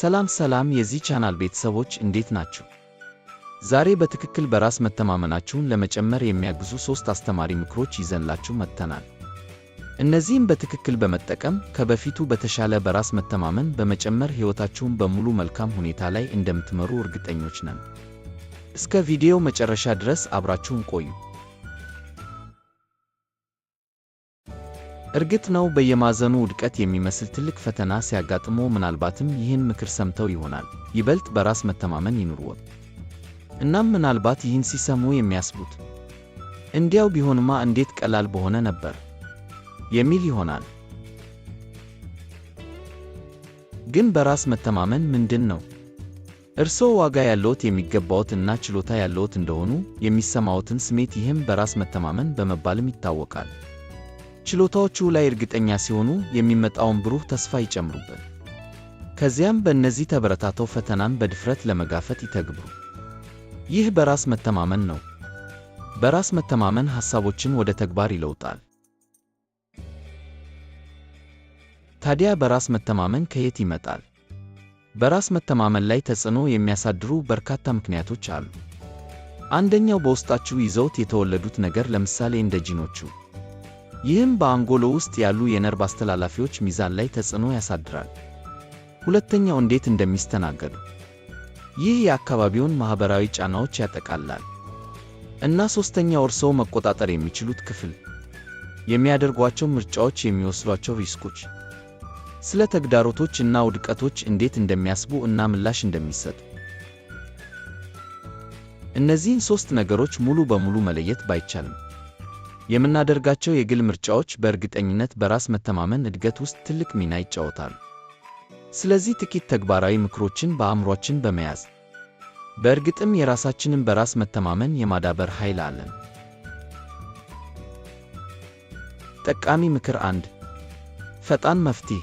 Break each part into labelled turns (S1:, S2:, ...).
S1: ሰላም ሰላም የዚህ ቻናል ቤተሰቦች እንዴት ናችሁ? ዛሬ በትክክል በራስ መተማመናችሁን ለመጨመር የሚያግዙ ሶስት አስተማሪ ምክሮች ይዘንላችሁ መጥተናል። እነዚህም በትክክል በመጠቀም ከበፊቱ በተሻለ በራስ መተማመን በመጨመር ሕይወታችሁን በሙሉ መልካም ሁኔታ ላይ እንደምትመሩ እርግጠኞች ነን። እስከ ቪዲዮ መጨረሻ ድረስ አብራችሁን ቆዩ። እርግጥ ነው በየማዕዘኑ ውድቀት የሚመስል ትልቅ ፈተና ሲያጋጥሞ ምናልባትም ይህን ምክር ሰምተው ይሆናል ይበልጥ በራስ መተማመን ይኑርዎት። እናም ምናልባት ይህን ሲሰሙ የሚያስቡት እንዲያው ቢሆንማ እንዴት ቀላል በሆነ ነበር የሚል ይሆናል። ግን በራስ መተማመን ምንድን ነው? እርስዎ ዋጋ ያለዎት የሚገባዎት እና ችሎታ ያለዎት እንደሆኑ የሚሰማዎትን ስሜት ይህም በራስ መተማመን በመባልም ይታወቃል። ችሎታዎቹ ላይ እርግጠኛ ሲሆኑ የሚመጣውን ብሩህ ተስፋ ይጨምሩበት። ከዚያም በእነዚህ ተበረታተው ፈተናን በድፍረት ለመጋፈት ይተግብሩ። ይህ በራስ መተማመን ነው። በራስ መተማመን ሐሳቦችን ወደ ተግባር ይለውጣል። ታዲያ በራስ መተማመን ከየት ይመጣል? በራስ መተማመን ላይ ተጽዕኖ የሚያሳድሩ በርካታ ምክንያቶች አሉ። አንደኛው በውስጣችሁ ይዘውት የተወለዱት ነገር ለምሳሌ እንደ ጂኖቹ ይህም በአንጎሎ ውስጥ ያሉ የነርቭ አስተላላፊዎች ሚዛን ላይ ተጽዕኖ ያሳድራል። ሁለተኛው እንዴት እንደሚስተናገዱ ይህ የአካባቢውን ማኅበራዊ ጫናዎች ያጠቃልላል። እና ሦስተኛው እርስዎ መቆጣጠር የሚችሉት ክፍል የሚያደርጓቸው ምርጫዎች፣ የሚወስዷቸው ሪስኮች፣ ስለ ተግዳሮቶች እና ውድቀቶች እንዴት እንደሚያስቡ እና ምላሽ እንደሚሰጡ። እነዚህን ሦስት ነገሮች ሙሉ በሙሉ መለየት ባይቻልም የምናደርጋቸው የግል ምርጫዎች በእርግጠኝነት በራስ መተማመን እድገት ውስጥ ትልቅ ሚና ይጫወታሉ። ስለዚህ ጥቂት ተግባራዊ ምክሮችን በአእምሯችን በመያዝ በእርግጥም የራሳችንን በራስ መተማመን የማዳበር ኃይል አለን። ጠቃሚ ምክር አንድ ፈጣን መፍትሄ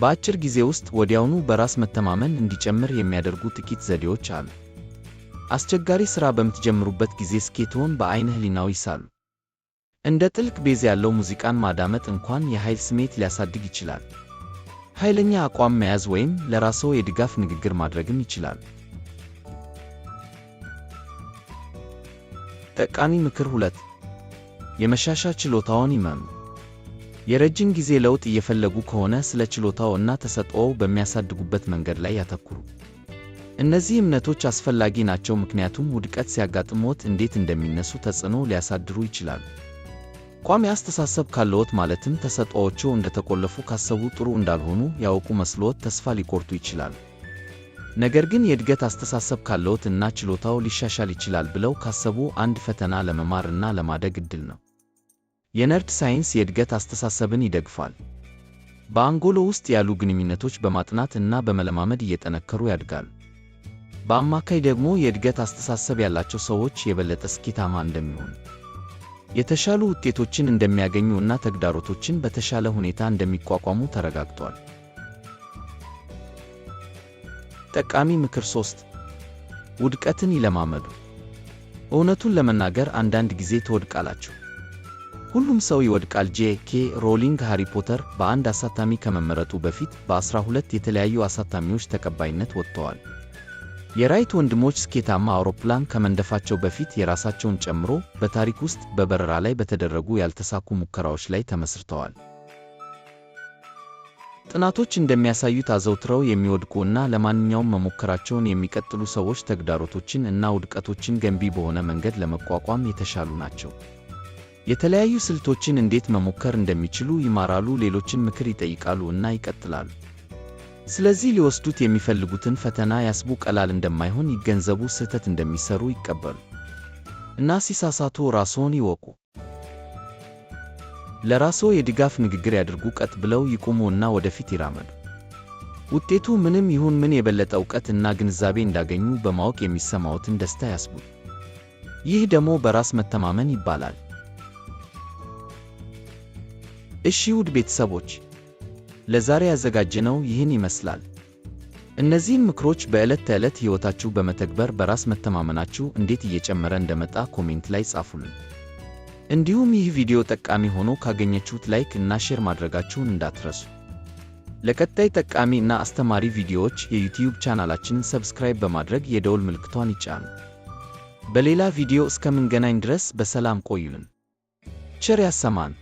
S1: በአጭር ጊዜ ውስጥ ወዲያውኑ በራስ መተማመን እንዲጨምር የሚያደርጉ ጥቂት ዘዴዎች አሉ። አስቸጋሪ ሥራ በምትጀምሩበት ጊዜ ስኬትዎን በዐይነ ሕሊናው ይሳሉ። እንደ ጥልቅ ቤዝ ያለው ሙዚቃን ማዳመጥ እንኳን የኃይል ስሜት ሊያሳድግ ይችላል። ኃይለኛ አቋም መያዝ ወይም ለራስዎ የድጋፍ ንግግር ማድረግም ይችላል። ጠቃሚ ምክር ሁለት የመሻሻ ችሎታውን ይመኑ። የረጅም ጊዜ ለውጥ እየፈለጉ ከሆነ ስለ ችሎታው እና ተሰጥኦው በሚያሳድጉበት መንገድ ላይ ያተኩሩ። እነዚህ እምነቶች አስፈላጊ ናቸው፣ ምክንያቱም ውድቀት ሲያጋጥሞት እንዴት እንደሚነሱ ተጽዕኖ ሊያሳድሩ ይችላሉ። ቋሚ አስተሳሰብ ካለዎት ማለትም ተሰጥኦዎቸው እንደተቆለፉ ካሰቡ ጥሩ እንዳልሆኑ ያውቁ መስሎዎት ተስፋ ሊቆርጡ ይችላሉ። ነገር ግን የእድገት አስተሳሰብ ካለዎት እና ችሎታው ሊሻሻል ይችላል ብለው ካሰቡ አንድ ፈተና ለመማር እና ለማደግ ዕድል ነው። የነርድ ሳይንስ የእድገት አስተሳሰብን ይደግፋል። በአንጎሎ ውስጥ ያሉ ግንኙነቶች በማጥናት እና በመለማመድ እየጠነከሩ ያድጋሉ። በአማካይ ደግሞ የእድገት አስተሳሰብ ያላቸው ሰዎች የበለጠ ስኬታማ እንደሚሆኑ የተሻሉ ውጤቶችን እንደሚያገኙ እና ተግዳሮቶችን በተሻለ ሁኔታ እንደሚቋቋሙ ተረጋግጧል። ጠቃሚ ምክር ሶስት ውድቀትን ይለማመዱ። እውነቱን ለመናገር አንዳንድ ጊዜ ትወድቃላችሁ። ሁሉም ሰው ይወድቃል። ጄ ኬ ሮሊንግ ሃሪ ፖተር በአንድ አሳታሚ ከመመረጡ በፊት በአስራ ሁለት የተለያዩ አሳታሚዎች ተቀባይነት ወጥተዋል። የራይት ወንድሞች ስኬታማ አውሮፕላን ከመንደፋቸው በፊት የራሳቸውን ጨምሮ በታሪክ ውስጥ በበረራ ላይ በተደረጉ ያልተሳኩ ሙከራዎች ላይ ተመስርተዋል። ጥናቶች እንደሚያሳዩት አዘውትረው የሚወድቁ እና ለማንኛውም መሞከራቸውን የሚቀጥሉ ሰዎች ተግዳሮቶችን እና ውድቀቶችን ገንቢ በሆነ መንገድ ለመቋቋም የተሻሉ ናቸው። የተለያዩ ስልቶችን እንዴት መሞከር እንደሚችሉ ይማራሉ፣ ሌሎችን ምክር ይጠይቃሉ እና ይቀጥላሉ። ስለዚህ ሊወስዱት የሚፈልጉትን ፈተና ያስቡ፣ ቀላል እንደማይሆን ይገንዘቡ፣ ስህተት እንደሚሰሩ ይቀበሉ እና ሲሳሳቱ ራስዎን ይወቁ። ለራስዎ የድጋፍ ንግግር ያድርጉ፣ ቀጥ ብለው ይቁሙ እና ወደፊት ይራመዱ። ውጤቱ ምንም ይሁን ምን የበለጠ እውቀት እና ግንዛቤ እንዳገኙ በማወቅ የሚሰማዎትን ደስታ ያስቡ። ይህ ደግሞ በራስ መተማመን ይባላል። እሺ ውድ ቤተሰቦች ለዛሬ ያዘጋጀነው ይህን ይመስላል። እነዚህን ምክሮች በዕለት ተዕለት ሕይወታችሁ በመተግበር በራስ መተማመናችሁ እንዴት እየጨመረ እንደመጣ ኮሜንት ላይ ጻፉልን። እንዲሁም ይህ ቪዲዮ ጠቃሚ ሆኖ ካገኘችሁት ላይክ እና ሼር ማድረጋችሁን እንዳትረሱ። ለቀጣይ ጠቃሚ እና አስተማሪ ቪዲዮዎች የዩቲዩብ ቻናላችንን ሰብስክራይብ በማድረግ የደወል ምልክቷን ይጫኑ። በሌላ ቪዲዮ እስከምንገናኝ ድረስ በሰላም ቆዩልን። ቸር ያሰማን።